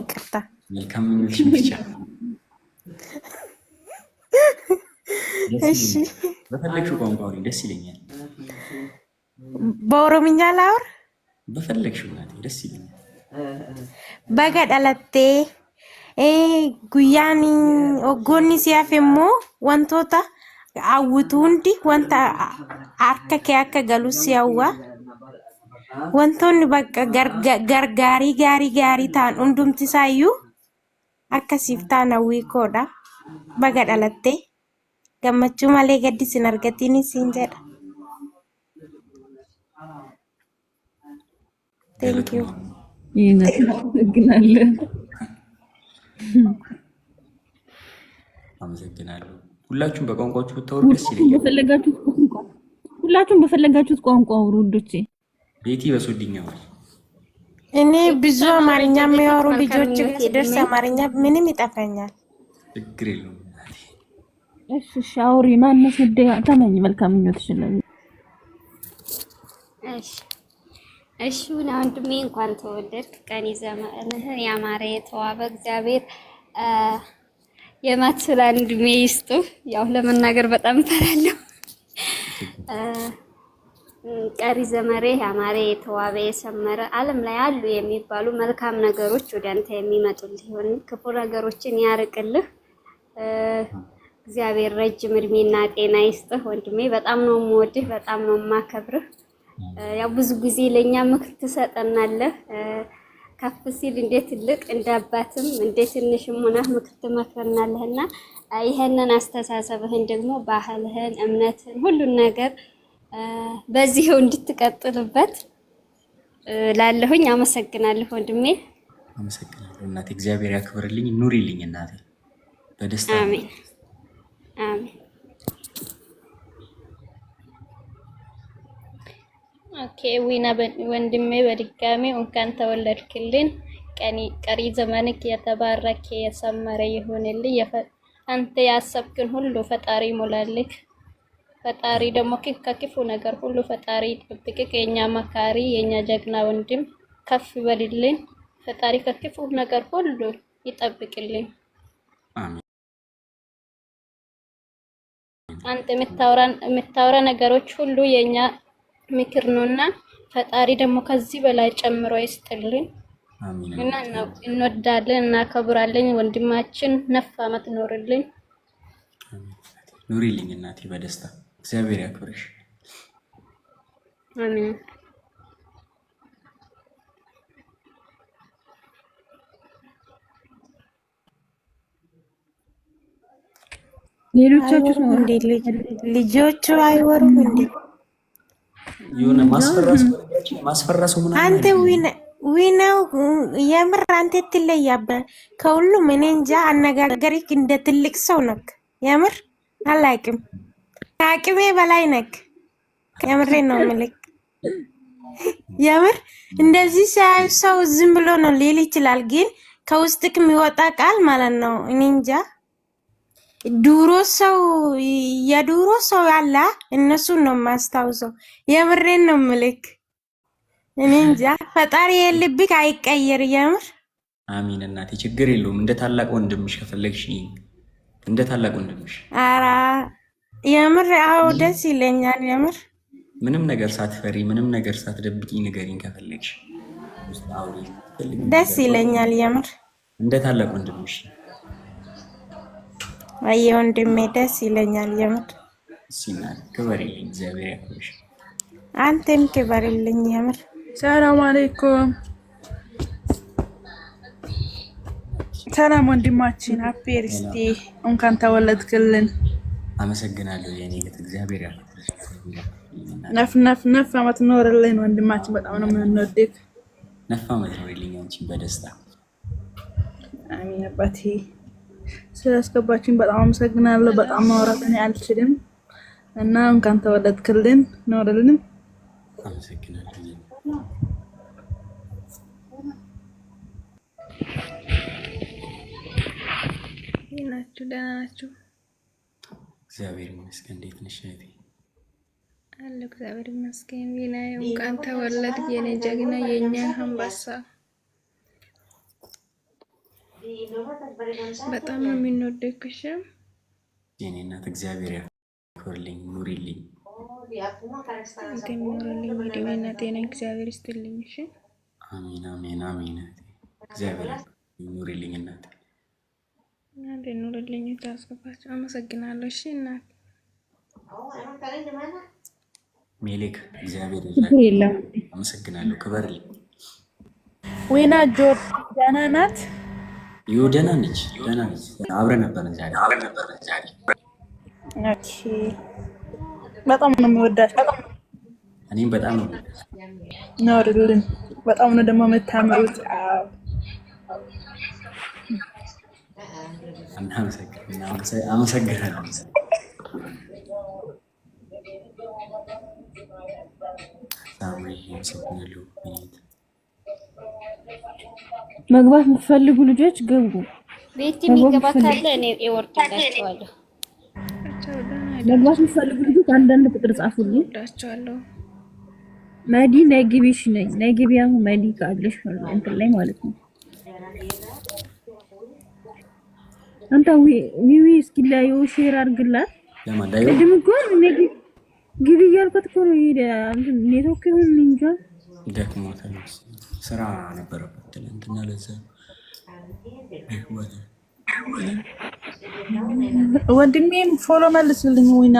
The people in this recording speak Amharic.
ይቅርታ መልካም ምልሽ ብቻ። እሺ በፈለግሽው ቋንቋ አውሪኝ፣ ደስ ይለኛል። በኦሮምኛ ላውር በፈለግሽው ናት፣ ደስ ይለኛል። በጋ ዳላቴ ጉያን ኦጎኒ ሲያፍ ሞ ወንቶታ አውቱ እንዲ ወንታ አርከ ከያከ ገሉ ሲያዋ wantoonni bakka gargaari gaari gaari ta'an hundumti isaayyuu akkasiif taana wiikoodha. Baga dhalatte gammachuu malee gaddi sin argatiin siin jedha. ሁላችሁም በቋንቋችሁ ብታወሩ ደስ ይለኛል። ሁላችሁም በፈለጋችሁት ቋንቋ አውሩ ውዶቼ። ቤቲ በሶድኛዋል። እኔ ብዙ አማርኛ የሚያወሩ ልጆች ደርስ አማርኛ ምንም ይጠፋኛል። ችግር የለውም። እሺ ሻውሪ ማነስ ምደ ተመኝ መልካም ምኞትሽ ነው። እሺ እሺ ወንድሜ እንኳን ተወለድክ። ቀን ዘመንህ ያማረ የተዋበ እግዚአብሔር የማትስላን እድሜ ይስጥ። ያው ለመናገር በጣም ፈራለሁ። ቀሪ ዘመሬ ያማረ የተዋበ የሰመረ ዓለም ላይ አሉ የሚባሉ መልካም ነገሮች ወደ አንተ የሚመጡልህ ይሆን። ክፉ ነገሮችን ያርቅልህ። እግዚአብሔር ረጅም እድሜና ጤና ይስጥህ ወንድሜ። በጣም ነው የምወድህ፣ በጣም ነው የማከብርህ። ያው ብዙ ጊዜ ለእኛ ምክር ትሰጠናለህ። ከፍ ሲል እንደ ትልቅ እንደ አባትም እንዴት ትንሽም ሆነህ ምክር ትመክረናለህ ይህንን አስተሳሰብህን ደግሞ ባህልህን፣ እምነትህን ሁሉን ነገር በዚህው እንድትቀጥልበት ላለሁኝ አመሰግናለሁ ወንድሜ። አመሰግናለሁ እናቴ፣ እግዚአብሔር ያክብርልኝ፣ ኑሪልኝ እናቴ በደስታ አሜን፣ አሜን። ኦኬ ዊና ወንድሜ በድጋሚ እንኳን ተወለድክልን። ቀሪ ዘመንክ የተባረከ የሰመረ ይሁንልኝ። አንተ ያሰብክን ሁሉ ፈጣሪ ሞላልክ። ፈጣሪ ደግሞ ከክፉ ነገር ሁሉ ፈጣሪ ጠብቅ የኛ መካሪ፣ የኛ ጀግና ወንድም ከፍ በልልን። ፈጣሪ ከክፉ ነገር ሁሉ ይጠብቅልን። አንተ የምታወራ ነገሮች ሁሉ የኛ ምክር ነውና ፈጣሪ ደግሞ ከዚህ በላይ ጨምሮ ይስጥልን እና እንወዳለን እና ከብራለን ወንድማችን ነፍ አመት ኖርልን ኑሪልኝ እናቴ በደስታ እግዚአብሔር ያክብርሽ። ሌሎቻችሁ ልጆቹ አይወሩም እንዴ? አንተ የምር አንተ ትለያበ ከሁሉም እኔ እንጃ። አነጋገሪክ እንደ ትልቅ ሰው ነክ የምር አላይቅም። ከአቅሜ በላይ ነክ። የምሬ ነው ምልክ የምር እንደዚህ ሲያዩ ሰው ዝም ብሎ ነው ሊል ይችላል፣ ግን ከውስጥክ የሚወጣ ቃል ማለት ነው። እኔ እንጃ ሰው የዱሮ ሰው ያለ እነሱን ነው የማስታውሰው። የምሬን ነው ምልክ። እኔ እንጃ ፈጣሪ የልብክ አይቀየር። የምር አሚን እናቴ፣ ችግር የለውም። እንደ ታላቅ ወንድምሽ ከፈለግሽ እንደ ታላቅ ወንድምሽ አራ የምር አዎ፣ ደስ ይለኛል። የምር ምንም ነገር ሳትፈሪ ምንም ነገር ሳትደብቂ ንገሪኝ ከፈለግሽ፣ ደስ ይለኛል። የምር እንደ ታላቅ ወንድምሽ አየ ወንድሜ፣ ደስ ይለኛል። የምር ሲና ክበሪልኝ፣ እግዚአብሔር ያክብርሽ፣ አንተም ክበሪልኝ። የምር ሰላም አለይኩም። ሰላም ወንድማችን፣ ሃፒ ርስቴ እንኳን ተወለድክልን። አመሰግናለሁ የኔ እህት እግዚአብሔር ያክብርሽ። ነፍ ነፍ ነፍ አመት ኖርልን ወንድማችን፣ በጣም ነው የምንወድግ። ነፍ አመት ኖርልኝ አንቺን በደስታ አሚን። አባቴ ስላስገባችን በጣም አመሰግናለሁ። በጣም ማውራት እኔ አልችልም እና እንኳን ተወለድክልን፣ ኖርልን። አመሰግናለሁ። ደህና ናችሁ? እግዚአብሔር ይመስገን። እንዴት ነሽ እህቴ? አለሁ እግዚአብሔር ይመስገን። ቢናዬ እንኳን ተወለድ የኔ ጀግና፣ የኛ አንበሳ። በጣም ነው የምንወደድሽ የኔ እናት። እግዚአብሔር ያክብርልኝ፣ ኑሪልኝ፣ ገሚኖርልኝ እድሜና ጤና እግዚአብሔር ይስጥልኝ። አሜን፣ አሜን፣ አሜን። እግዚአብሔር ኑሪልኝ እናት እናንተ ኑርልኝ ታስገባችሁ። አመሰግናለሁ። እሺ እናት ሜሌክ እግዚአብሔር ይላል። አመሰግናለሁ። ክበር ወይና ጆር ደህና ናት። ይኸው ደህና ነች፣ ደህና ነች። አብረን ነበርን ዛሬ አብረን ነበርን ዛሬ። ኦኬ በጣም ነው የሚወዳት። እኔም በጣም ነው ኖርልን። በጣም ነው ደግሞ የምታምሩት። አዎ አመሰግናለሁ። መግባት የምትፈልጉ ልጆች ገቡ ቤት የሚገባ ካለ እኔ እወርድላቸዋለሁ። መግባት የምትፈልጉ ልጆች አንዳንድ ቁጥር ጻፉልኝ። መዲ ነግቢሽ ነኝ ነግቢ። አሁን መዲ ካለሽ እንትን ላይ ማለት ነው አንተ ዊዊ እስኪ ሼር አድርግላት። ቅድም እኮ ግቢ እያልኩት እኮ ነው። ሄደ ኔትወርክ ይሁን እንጃ ደክሞታል። ስራ ነበረበት ትናንትና ለዛ ወንድሜም ፎሎ መልስልኝ ዊና